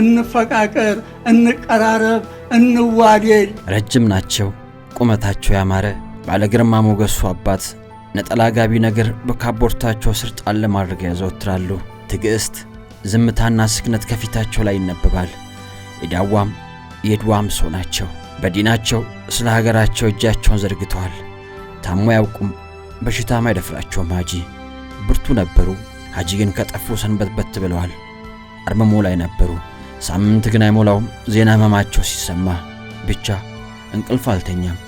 እንፈቃቀር፣ እንቀራረብ፣ እንዋደድ። ረጅም ናቸው ቁመታቸው ያማረ ባለ ግርማ ሞገሱ አባት ነጠላ ጋቢ ነገር በካቦርታቸው ስር ጣል ማድረግ ያዘወትራሉ። ትዕግሥት፣ ዝምታና ስክነት ከፊታቸው ላይ ይነበባል። የዳዋም የድዋም ሰው ናቸው። በዲናቸው ስለ ሀገራቸው እጃቸውን ዘርግተዋል። ታሞ አያውቁም፣ በሽታም አይደፍራቸውም። ሀጂ ብርቱ ነበሩ። ሀጂ ግን ከጠፉ ሰንበትበት ብለዋል። አርመሞ ላይ ነበሩ። ሳምንት ግን አይሞላውም ዜና ህመማቸው ሲሰማ ብቻ እንቅልፍ አልተኛም።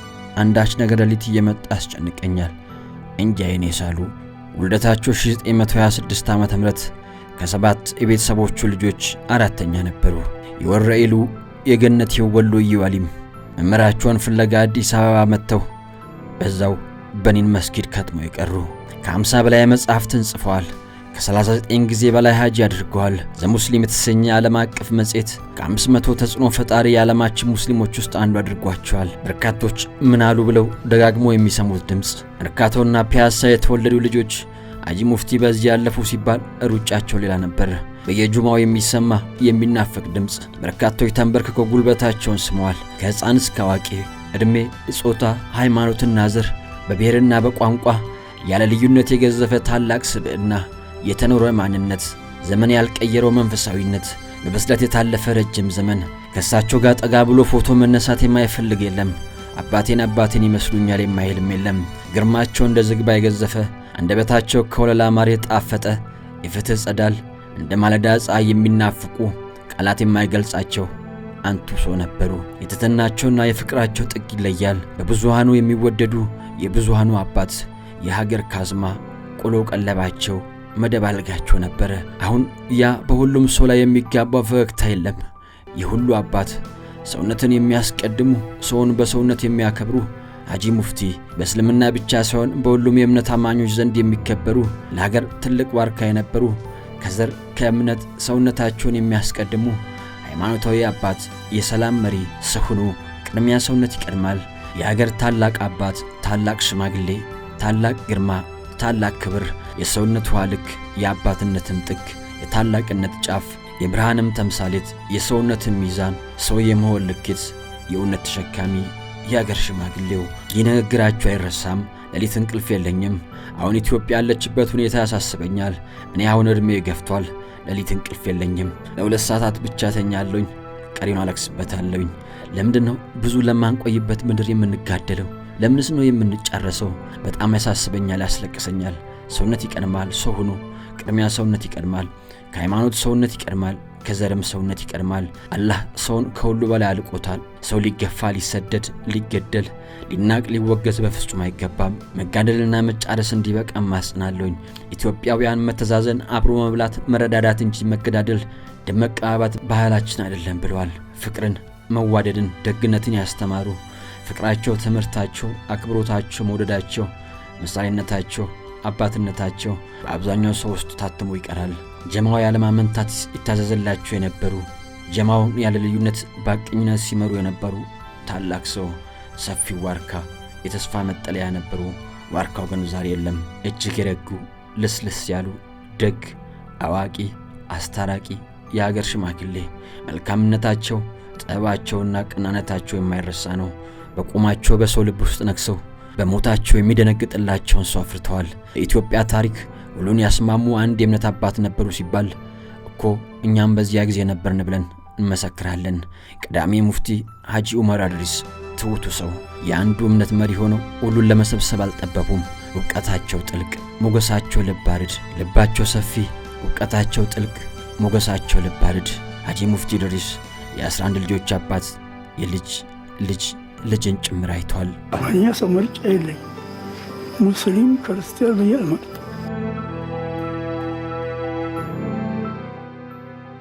አንዳች ነገር ሌሊት እየመጣ ያስጨንቀኛል። እንጂ አይኔ ሳሉ ውልደታቸው 926 ዓ ም ከሰባት የቤተሰቦቹ ልጆች አራተኛ ነበሩ። የወረኢሉ የገነት የወሎ እይዋሊም። መምህራቸውን ፍለጋ አዲስ አበባ መጥተው በዛው በኒን መስጊድ ከትመው ይቀሩ። ከአምሳ በላይ መጽሐፍትን ጽፈዋል። ከ39 ጊዜ በላይ ሀጅ አድርገዋል። ዘሙስሊም የተሰኘ ዓለም አቀፍ መጽሔት ከ500 ተጽዕኖ ፈጣሪ የዓለማችን ሙስሊሞች ውስጥ አንዱ አድርጓቸዋል። በርካቶች ምን አሉ ብለው ደጋግሞ የሚሰሙት ድምፅ መርካቶና ፒያሳ የተወለዱ ልጆች ሀጂ ሙፍቲ በዚህ ያለፉ ሲባል ሩጫቸው ሌላ ነበር። በየጁማው የሚሰማ የሚናፈቅ ድምፅ በርካቶች ተንበርክከው ጉልበታቸውን ስመዋል። ከሕፃን እስከ አዋቂ ዕድሜ፣ እጾታ ሃይማኖትና ዘር በብሔርና በቋንቋ ያለ ልዩነት የገዘፈ ታላቅ ስብዕና የተኖረ ማንነት፣ ዘመን ያልቀየረው መንፈሳዊነት፣ በብስለት የታለፈ ረጅም ዘመን። ከእሳቸው ጋር ጠጋ ብሎ ፎቶ መነሳት የማይፈልግ የለም። አባቴን አባቴን ይመስሉኛል የማይልም የለም። ግርማቸው እንደ ዝግባ የገዘፈ፣ አንደበታቸው ከወለላ ማር የጣፈጠ፣ የፍትሕ ጸዳል እንደ ማለዳ ፀሐይ የሚናፍቁ፣ ቃላት የማይገልጻቸው አንቱ ሰው ነበሩ። የትትናቸውና የፍቅራቸው ጥግ ይለያል። በብዙሃኑ የሚወደዱ የብዙሃኑ አባት፣ የሀገር ካዝማ፣ ቆሎ ቀለባቸው መደብ አልጋቸው ነበረ። አሁን ያ በሁሉም ሰው ላይ የሚጋባው ፈገግታ የለም። የሁሉ አባት ሰውነትን የሚያስቀድሙ ሰውን በሰውነት የሚያከብሩ አጂ ሙፍቲ በእስልምና ብቻ ሳይሆን በሁሉም የእምነት አማኞች ዘንድ የሚከበሩ ለሀገር ትልቅ ዋርካ የነበሩ ከዘር ከእምነት ሰውነታቸውን የሚያስቀድሙ ሃይማኖታዊ አባት፣ የሰላም መሪ ስሁኑ ቅድሚያ ሰውነት ይቀድማል። የሀገር ታላቅ አባት፣ ታላቅ ሽማግሌ፣ ታላቅ ግርማ፣ ታላቅ ክብር የሰውነቷ ልክ የአባትነትም ጥግ የታላቅነት ጫፍ የብርሃንም ተምሳሌት የሰውነትም ሚዛን ሰው የመሆን ልኬት የእውነት ተሸካሚ የአገር ሽማግሌው ይህ አይረሳም። ሌሊት እንቅልፍ የለኝም። አሁን ኢትዮጵያ ያለችበት ሁኔታ ያሳስበኛል። እኔ አሁን ዕድሜ ገፍቷል። ሌሊት እንቅልፍ የለኝም። ለሁለት ሰዓታት ብቻ ተኛለሁኝ። ቀሪውን አለቅስበታለሁኝ። ለምንድን ነው ብዙ ለማንቆይበት ምድር የምንጋደለው? ለምንስ ነው የምንጨረሰው? በጣም ያሳስበኛል፣ ያስለቅሰኛል። ሰውነት ይቀድማል። ሰው ሆኖ ቅድሚያ ሰውነት ይቀድማል። ከሃይማኖት ሰውነት ይቀድማል። ከዘርም ሰውነት ይቀድማል። አላህ ሰውን ከሁሉ በላይ አልቆታል። ሰው ሊገፋ፣ ሊሰደድ፣ ሊገደል፣ ሊናቅ፣ ሊወገዝ በፍጹም አይገባም። መጋደልና መጫረስ እንዲበቃ ማጽናለሁኝ። ኢትዮጵያውያን መተዛዘን፣ አብሮ መብላት፣ መረዳዳት እንጂ መገዳደል፣ ደም መቀባባት ባህላችን አይደለም ብለዋል። ፍቅርን፣ መዋደድን፣ ደግነትን ያስተማሩ ፍቅራቸው፣ ትምህርታቸው፣ አክብሮታቸው፣ መውደዳቸው፣ ምሳሌነታቸው አባትነታቸው በአብዛኛው ሰው ውስጥ ታትሞ ይቀራል። ጀማው ያለማመንታት ይታዘዘላቸው የነበሩ ጀማውን ያለ ልዩነት በቅኝነት ሲመሩ የነበሩ ታላቅ ሰው፣ ሰፊው ዋርካ የተስፋ መጠለያ ነበሩ። ዋርካው ግን ዛሬ የለም። እጅግ የረጉ ልስልስ ያሉ ደግ፣ አዋቂ፣ አስታራቂ የአገር ሽማግሌ መልካምነታቸው፣ ጠባቸውና ቅናነታቸው የማይረሳ ነው። በቁማቸው በሰው ልብ ውስጥ ነግሰው በሞታቸው የሚደነግጥላቸውን ሰው አፍርተዋል። ለኢትዮጵያ ታሪክ ሁሉን ያስማሙ አንድ የእምነት አባት ነበሩ ሲባል እኮ እኛም በዚያ ጊዜ ነበርን ብለን እንመሰክራለን። ቀዳሚ ሙፍቲ ሐጂ ዑመር አድሪስ ትውቱ ሰው የአንዱ እምነት መሪ ሆነው ሁሉን ለመሰብሰብ አልጠበቡም። እውቀታቸው ጥልቅ፣ ሞገሳቸው ልባርድ፣ ልባቸው ሰፊ፣ እውቀታቸው ጥልቅ፣ ሞገሳቸው ልባርድ። ሐጂ ሙፍቲ ድሪስ የ11 ልጆች አባት የልጅ ልጅ ልጅን ጭምር አይቷል። አማርኛ ሰው ምርጫ የለኝ ሙስሊም ክርስቲያን ብዬ አልመርጥ